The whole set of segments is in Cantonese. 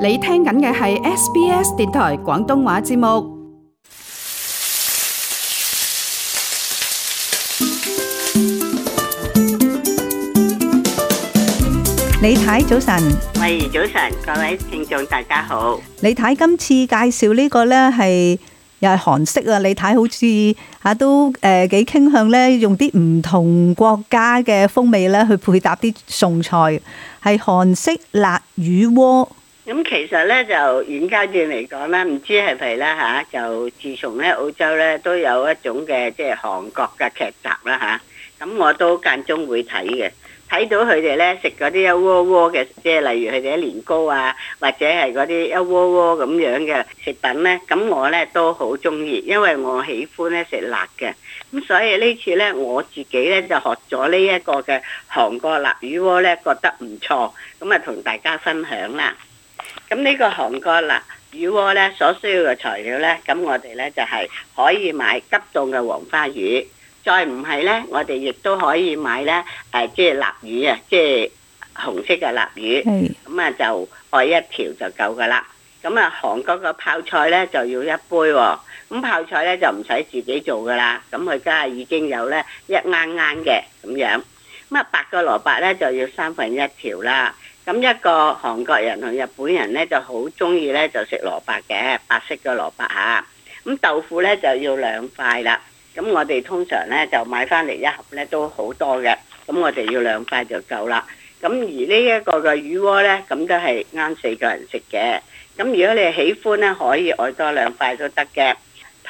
你聽緊嘅係 SBS 電台廣東話節目。李太，早晨。喂，早晨，各位聽眾大家好。李太今次介紹呢個咧係又係韓式啊！李太好似吓都誒幾傾向咧用啲唔同國家嘅風味咧去配搭啲餸菜，係韓式辣魚鍋。咁其實咧就現階段嚟講咧，唔知係咪係咧嚇？就自從咧澳洲咧都有一種嘅即係韓國嘅劇集啦嚇，咁、啊、我都間中會睇嘅。睇到佢哋咧食嗰啲一窩窩嘅，即係例如佢哋啲年糕啊，或者係嗰啲一窩窩咁樣嘅食品咧，咁我咧都好中意，因為我喜歡咧食辣嘅。咁所以次呢次咧我自己咧就學咗呢一個嘅韓國辣魚窩咧，覺得唔錯。咁啊，同大家分享啦～咁呢個韓國辣魚鍋咧所需要嘅材料咧，咁我哋咧就係可以買急凍嘅黃花魚，再唔係咧，我哋亦都可以買咧誒，即係臘魚啊，即係紅色嘅臘魚。係是。咁啊，就愛一條就夠噶啦。咁啊，韓國嘅泡菜咧就要一杯喎。咁泡菜咧就唔使自己做噶啦，咁佢家下已經有咧一啱啱嘅咁樣。咁啊，白嘅蘿蔔咧就要三分一條啦。咁一個韓國人同日本人咧就好中意咧就食蘿蔔嘅白色嘅蘿蔔吓，咁豆腐咧就要兩塊啦。咁我哋通常咧就買翻嚟一盒咧都好多嘅，咁我哋要兩塊就夠啦。咁而呢一個嘅魚鍋咧，咁都係啱四個人食嘅。咁如果你喜歡咧，可以愛多兩塊都得嘅。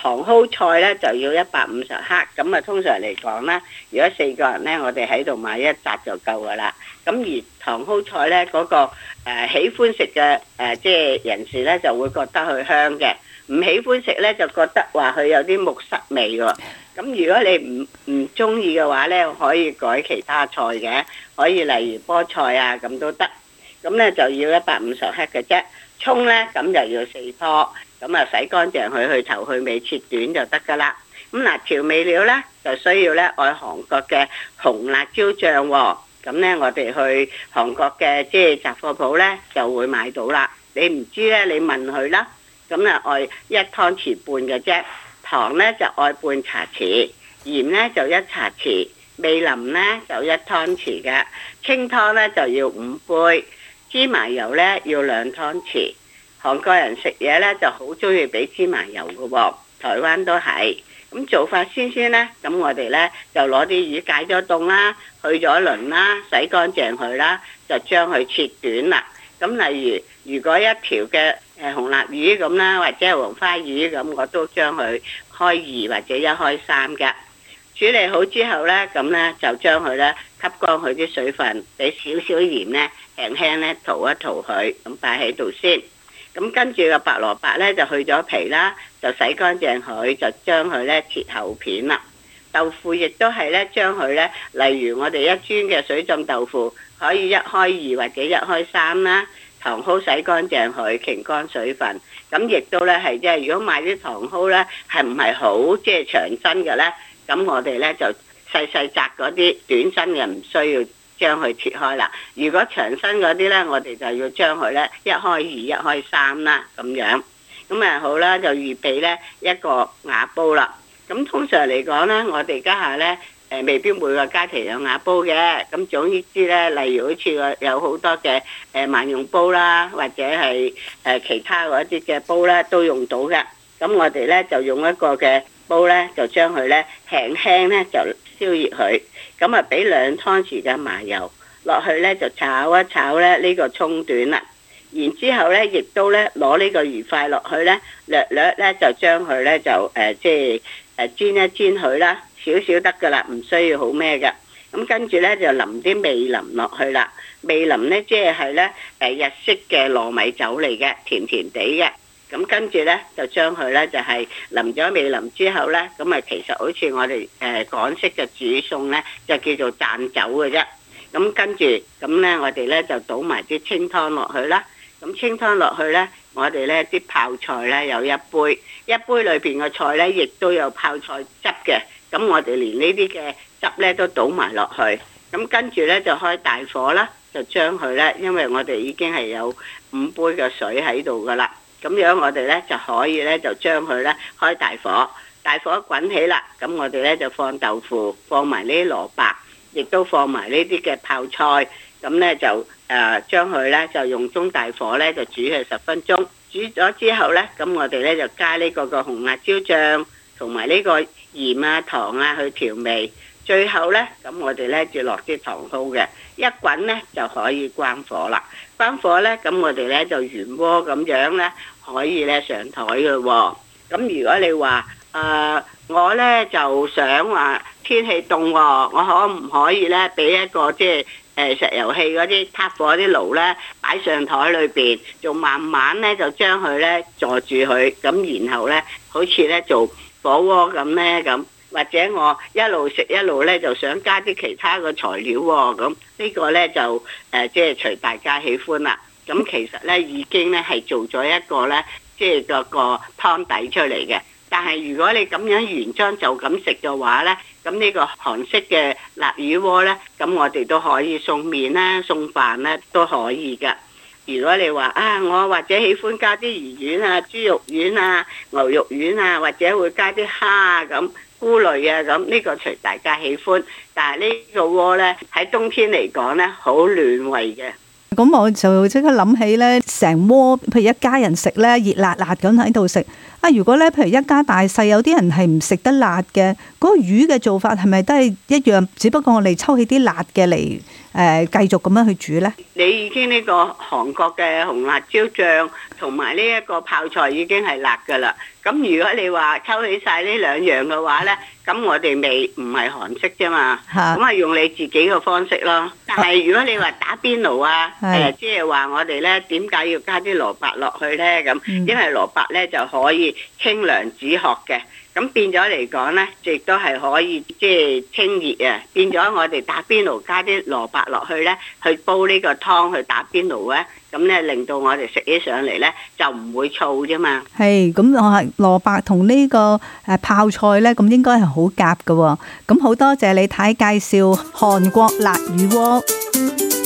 茼蒿菜咧就要一百五十克，咁啊通常嚟講咧，如果四個人咧，我哋喺度買一紮就夠噶啦。咁而茼蒿菜咧嗰、個、呃、喜歡食嘅誒即係人士咧就會覺得佢香嘅，唔喜歡食咧就覺得話佢有啲木蝨味喎。咁如果你唔唔中意嘅話咧，可以改其他菜嘅，可以例如菠菜啊咁都得。咁咧就要一百五十克嘅啫，葱咧咁就要四棵。咁啊，洗乾淨，佢去頭去尾，切短就得噶啦。咁嗱，調味料咧就需要咧愛韓國嘅紅辣椒醬喎。咁咧，我哋去韓國嘅即係雜貨鋪咧就會買到啦。你唔知咧，你問佢啦。咁啊，愛一湯匙半嘅啫。糖咧就愛半茶匙，鹽咧就一茶匙，味淋咧就一湯匙嘅。清湯咧就要五杯，芝麻油咧要兩湯匙。韓國人食嘢呢就好中意俾芝麻油㗎喎、啊，台灣都係。咁做法先先呢，咁我哋呢就攞啲魚解咗凍啦，去咗鱗啦，洗乾淨佢啦，就將佢切短啦。咁例如如果一條嘅誒紅鱲魚咁啦，或者係黃花魚咁，我都將佢開二或者一開三嘅。處理好之後呢，咁呢就將佢呢吸乾佢啲水分，俾少少鹽呢輕輕呢塗一塗佢，咁擺喺度先。咁跟住個白蘿蔔咧，就去咗皮啦，就洗乾淨佢，就將佢咧切厚片啦。豆腐亦都係咧，將佢咧，例如我哋一磚嘅水浸豆腐，可以一開二或者一開三啦。糖蒿洗乾淨佢，傾乾水分。咁亦都咧係即係，如果買啲糖蒿咧係唔係好即係長身嘅咧，咁我哋咧就細細紮嗰啲短身嘅唔需要。將佢切開啦，如果長身嗰啲呢，我哋就要將佢呢一開二、一開三啦，咁樣，咁誒好啦，就預備呢一個瓦煲啦。咁通常嚟講呢，我哋家下呢，誒未必每個家庭有瓦煲嘅，咁總之呢，例如好似有好多嘅誒萬用煲啦，或者係誒其他嗰啲嘅煲呢，都用到嘅。咁我哋咧就用一個嘅煲咧，就將佢咧輕輕咧就燒熱佢。咁啊，俾兩湯匙嘅麻油落去咧，就炒一炒咧呢個蔥段啦。然之後咧，亦都咧攞呢個魚塊落去咧，略略咧就將佢咧就誒即係誒煎一煎佢啦，少少得噶啦，唔需要好咩噶。咁跟住咧就淋啲味淋落去啦。味淋咧即係係咧誒日式嘅糯米酒嚟嘅，甜甜哋嘅。咁跟住呢，就將佢呢，就係淋咗未淋之後呢。咁啊其實好似我哋誒港式嘅煮餸呢，就叫做讚酒嘅啫。咁跟住，咁呢，我哋呢，就倒埋啲清湯落去啦。咁清湯落去呢，我哋呢啲泡菜呢，有一杯，一杯裏邊嘅菜呢，亦都有泡菜汁嘅。咁我哋連呢啲嘅汁呢，都倒埋落去。咁跟住呢，就開大火啦，就將佢呢，因為我哋已經係有五杯嘅水喺度㗎喇。咁樣我哋呢就可以呢，就將佢呢開大火，大火一滾起啦，咁我哋呢就放豆腐，放埋呢啲蘿蔔，亦都放埋呢啲嘅泡菜，咁呢就誒、呃、將佢呢，就用中大火呢，就煮佢十分鐘，煮咗之後呢，咁我哋呢就加呢個個紅辣椒醬，同埋呢個鹽啊糖啊去調味，最後呢，咁我哋呢就落啲糖醋嘅，一滾呢就可以關火啦。關火呢，咁我哋呢就原鍋咁樣呢。可以咧上台嘅喎，咁如果你話誒、呃、我咧就想話天氣凍喎、哦，我可唔可以咧俾一個即係誒石油氣嗰啲撻火啲爐咧擺上台裏邊，就慢慢咧就將佢咧坐住佢，咁然後咧好似咧做火鍋咁咧咁，或者我一路食一路咧就想加啲其他嘅材料喎、哦，咁呢個咧就誒即係隨大家喜歡啦。咁其實咧已經咧係做咗一個咧，即係嗰個湯底出嚟嘅。但係如果你咁樣原裝就咁食嘅話咧，咁呢個韓式嘅臘魚鍋咧，咁我哋都可以送麵啦、送飯啦都可以㗎。如果你話啊，我或者喜歡加啲魚丸啊、豬肉丸啊、牛肉丸啊，或者會加啲蝦啊、咁菇類啊咁，呢個隨大家喜歡。但係呢個鍋咧喺冬天嚟講咧，好暖胃嘅。咁我就即刻諗起咧，成窩譬如一家人食咧，熱辣辣咁喺度食啊！如果咧，譬如一家大細有啲人係唔食得辣嘅，嗰個魚嘅做法係咪都係一樣？只不過我哋抽起啲辣嘅嚟？誒繼續咁樣去煮呢？你已經呢個韓國嘅紅辣椒醬同埋呢一個泡菜已經係辣㗎啦。咁如果你話抽起晒呢兩樣嘅話呢，咁我哋未唔係韓式啫嘛，咁係用你自己嘅方式咯。但係如果你話打邊爐啊，誒、啊，即係話我哋呢，點解要加啲蘿蔔落去呢？咁因為蘿蔔呢就可以清涼止渴嘅。咁變咗嚟講呢，亦都係可以即係清熱啊！變咗我哋打邊爐加啲蘿蔔落去呢，去煲呢個湯去打邊爐呢，咁呢，令到我哋食起上嚟呢，就唔會燥啫嘛。係，咁我係蘿蔔同呢個誒泡菜呢，咁應該係好夾㗎喎。咁好多謝你太介紹韓國辣魚鍋。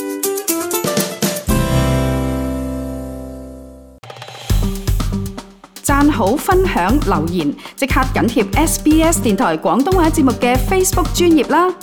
好，分享留言，即刻緊貼 SBS 電台廣東話節目嘅 Facebook 專頁啦！